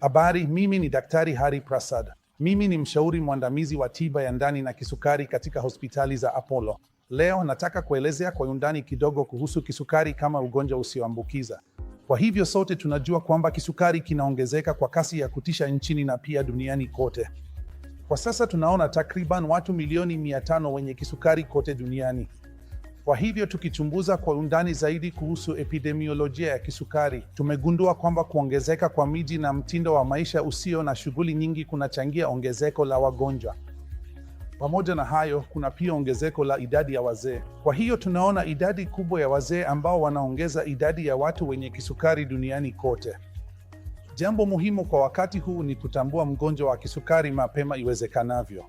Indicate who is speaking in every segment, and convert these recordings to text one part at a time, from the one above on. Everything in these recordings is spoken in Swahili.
Speaker 1: Habari, mimi ni Daktari Hari Prasad. Mimi ni mshauri mwandamizi wa tiba ya ndani na kisukari katika hospitali za Apollo. Leo nataka kuelezea kwa undani kidogo kuhusu kisukari kama ugonjwa usioambukiza. Kwa hivyo sote tunajua kwamba kisukari kinaongezeka kwa kasi ya kutisha nchini na pia duniani kote. Kwa sasa tunaona takriban watu milioni 500 wenye kisukari kote duniani. Kwa hivyo tukichunguza kwa undani zaidi kuhusu epidemiolojia ya kisukari, tumegundua kwamba kuongezeka kwa miji na mtindo wa maisha usio na shughuli nyingi kunachangia ongezeko la wagonjwa. Pamoja na hayo, kuna pia ongezeko la idadi ya wazee. Kwa hiyo tunaona idadi kubwa ya wazee ambao wanaongeza idadi ya watu wenye kisukari duniani kote. Jambo muhimu kwa wakati huu ni kutambua mgonjwa wa kisukari mapema iwezekanavyo.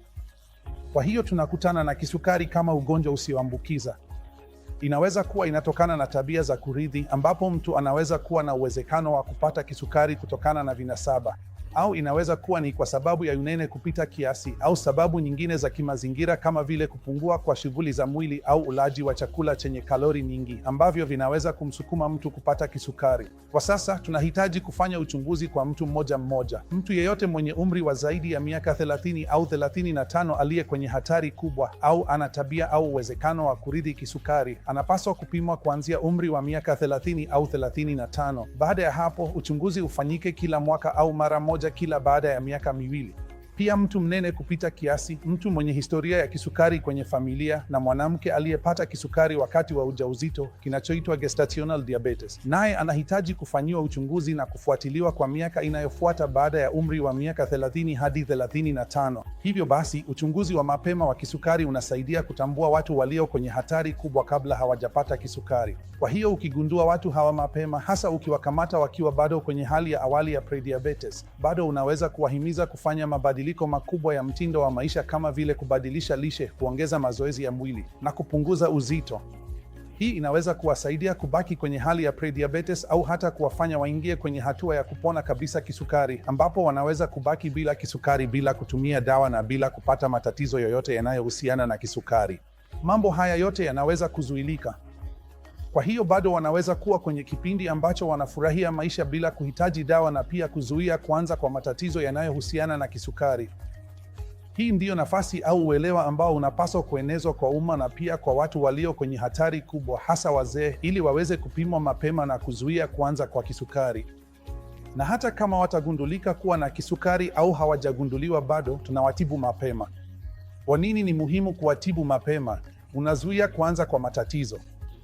Speaker 1: Kwa hiyo tunakutana na kisukari kama ugonjwa usioambukiza inaweza kuwa inatokana na tabia za kurithi, ambapo mtu anaweza kuwa na uwezekano wa kupata kisukari kutokana na vinasaba au inaweza kuwa ni kwa sababu ya unene kupita kiasi au sababu nyingine za kimazingira kama vile kupungua kwa shughuli za mwili au ulaji wa chakula chenye kalori nyingi ambavyo vinaweza kumsukuma mtu kupata kisukari. Kwa sasa tunahitaji kufanya uchunguzi kwa mtu mmoja mmoja. Mtu yeyote mwenye umri wa zaidi ya miaka 30 au 35 aliye kwenye hatari kubwa au ana tabia au uwezekano wa kurithi kisukari anapaswa kupimwa kuanzia umri wa miaka 30 au 35. Baada ya hapo uchunguzi ufanyike kila mwaka au mara moja moja kila baada ya miaka miwili. Pia mtu mnene kupita kiasi, mtu mwenye historia ya kisukari kwenye familia, na mwanamke aliyepata kisukari wakati wa ujauzito, kinachoitwa gestational diabetes, naye anahitaji kufanyiwa uchunguzi na kufuatiliwa kwa miaka inayofuata baada ya umri wa miaka 30 hadi 35. Hivyo basi, uchunguzi wa mapema wa kisukari unasaidia kutambua watu walio kwenye hatari kubwa kabla hawajapata kisukari. Kwa hiyo ukigundua watu hawa mapema, hasa ukiwakamata wakiwa bado kwenye hali ya awali ya prediabetes, bado unaweza kuwahimiza kufanya mabadiliko mabadiliko makubwa ya mtindo wa maisha kama vile kubadilisha lishe, kuongeza mazoezi ya mwili na kupunguza uzito. Hii inaweza kuwasaidia kubaki kwenye hali ya prediabetes au hata kuwafanya waingie kwenye hatua ya kupona kabisa kisukari, ambapo wanaweza kubaki bila kisukari, bila kutumia dawa na bila kupata matatizo yoyote yanayohusiana na kisukari. Mambo haya yote yanaweza kuzuilika. Kwa hiyo bado wanaweza kuwa kwenye kipindi ambacho wanafurahia maisha bila kuhitaji dawa na pia kuzuia kuanza kwa matatizo yanayohusiana na kisukari. Hii ndiyo nafasi au uelewa ambao unapaswa kuenezwa kwa umma na pia kwa watu walio kwenye hatari kubwa, hasa wazee, ili waweze kupimwa mapema na kuzuia kuanza kwa kisukari. Na hata kama watagundulika kuwa na kisukari au hawajagunduliwa bado, tunawatibu mapema. Kwa nini ni muhimu kuwatibu mapema? Unazuia kuanza kwa matatizo.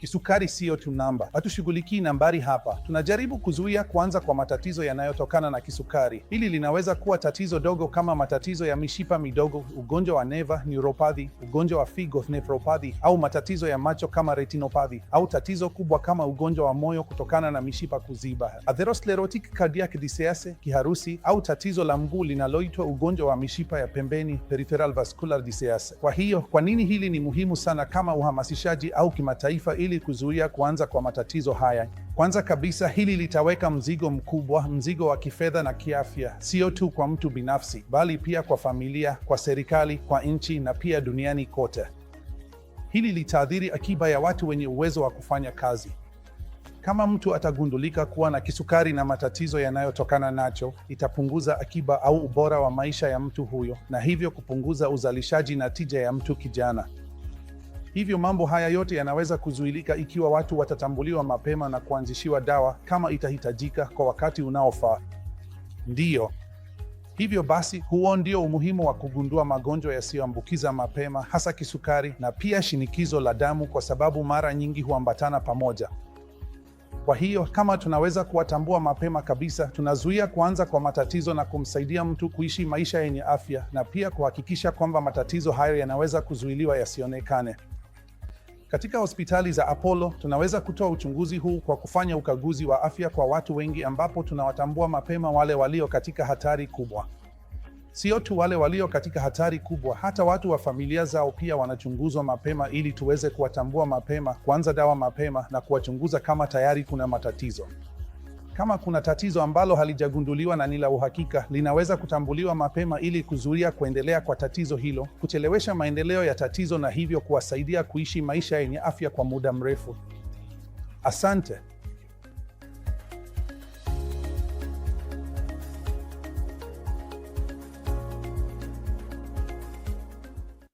Speaker 1: Kisukari siyo tu namba, hatushughulikii nambari hapa. Tunajaribu kuzuia kuanza kwa matatizo yanayotokana na kisukari. Hili linaweza kuwa tatizo dogo kama matatizo ya mishipa midogo, ugonjwa wa neva neuropathy, ugonjwa wa figo nephropathy, au matatizo ya macho kama retinopathy, au tatizo kubwa kama ugonjwa wa moyo kutokana na mishipa kuziba, atherosclerotic cardiac disease, kiharusi, au tatizo la mguu linaloitwa ugonjwa wa mishipa ya pembeni peripheral vascular disease. Kwa hiyo, kwa nini hili ni muhimu sana kama uhamasishaji au kimataifa ili ili kuzuia kuanza kwa matatizo haya. Kwanza kabisa, hili litaweka mzigo mkubwa, mzigo wa kifedha na kiafya, sio tu kwa mtu binafsi, bali pia kwa familia, kwa serikali, kwa nchi na pia duniani kote. Hili litaathiri akiba ya watu wenye uwezo wa kufanya kazi. Kama mtu atagundulika kuwa na kisukari na matatizo yanayotokana nacho, itapunguza akiba au ubora wa maisha ya mtu huyo, na hivyo kupunguza uzalishaji na tija ya mtu kijana. Hivyo mambo haya yote yanaweza kuzuilika ikiwa watu watatambuliwa mapema na kuanzishiwa dawa kama itahitajika kwa wakati unaofaa. Ndiyo. Hivyo basi, huo ndio umuhimu wa kugundua magonjwa yasiyoambukiza mapema, hasa kisukari na pia shinikizo la damu, kwa sababu mara nyingi huambatana pamoja. Kwa hiyo kama tunaweza kuwatambua mapema kabisa, tunazuia kuanza kwa matatizo na kumsaidia mtu kuishi maisha yenye afya, na pia kuhakikisha kwamba matatizo hayo yanaweza kuzuiliwa yasionekane. Katika hospitali za Apollo tunaweza kutoa uchunguzi huu kwa kufanya ukaguzi wa afya kwa watu wengi, ambapo tunawatambua mapema wale walio katika hatari kubwa. Sio tu wale walio katika hatari kubwa, hata watu wa familia zao pia wanachunguzwa mapema, ili tuweze kuwatambua mapema, kuanza dawa mapema na kuwachunguza kama tayari kuna matatizo. Kama kuna tatizo ambalo halijagunduliwa na ni la uhakika, linaweza kutambuliwa mapema ili kuzuia kuendelea kwa tatizo hilo, kuchelewesha maendeleo ya tatizo na hivyo kuwasaidia kuishi maisha yenye afya kwa muda mrefu. Asante.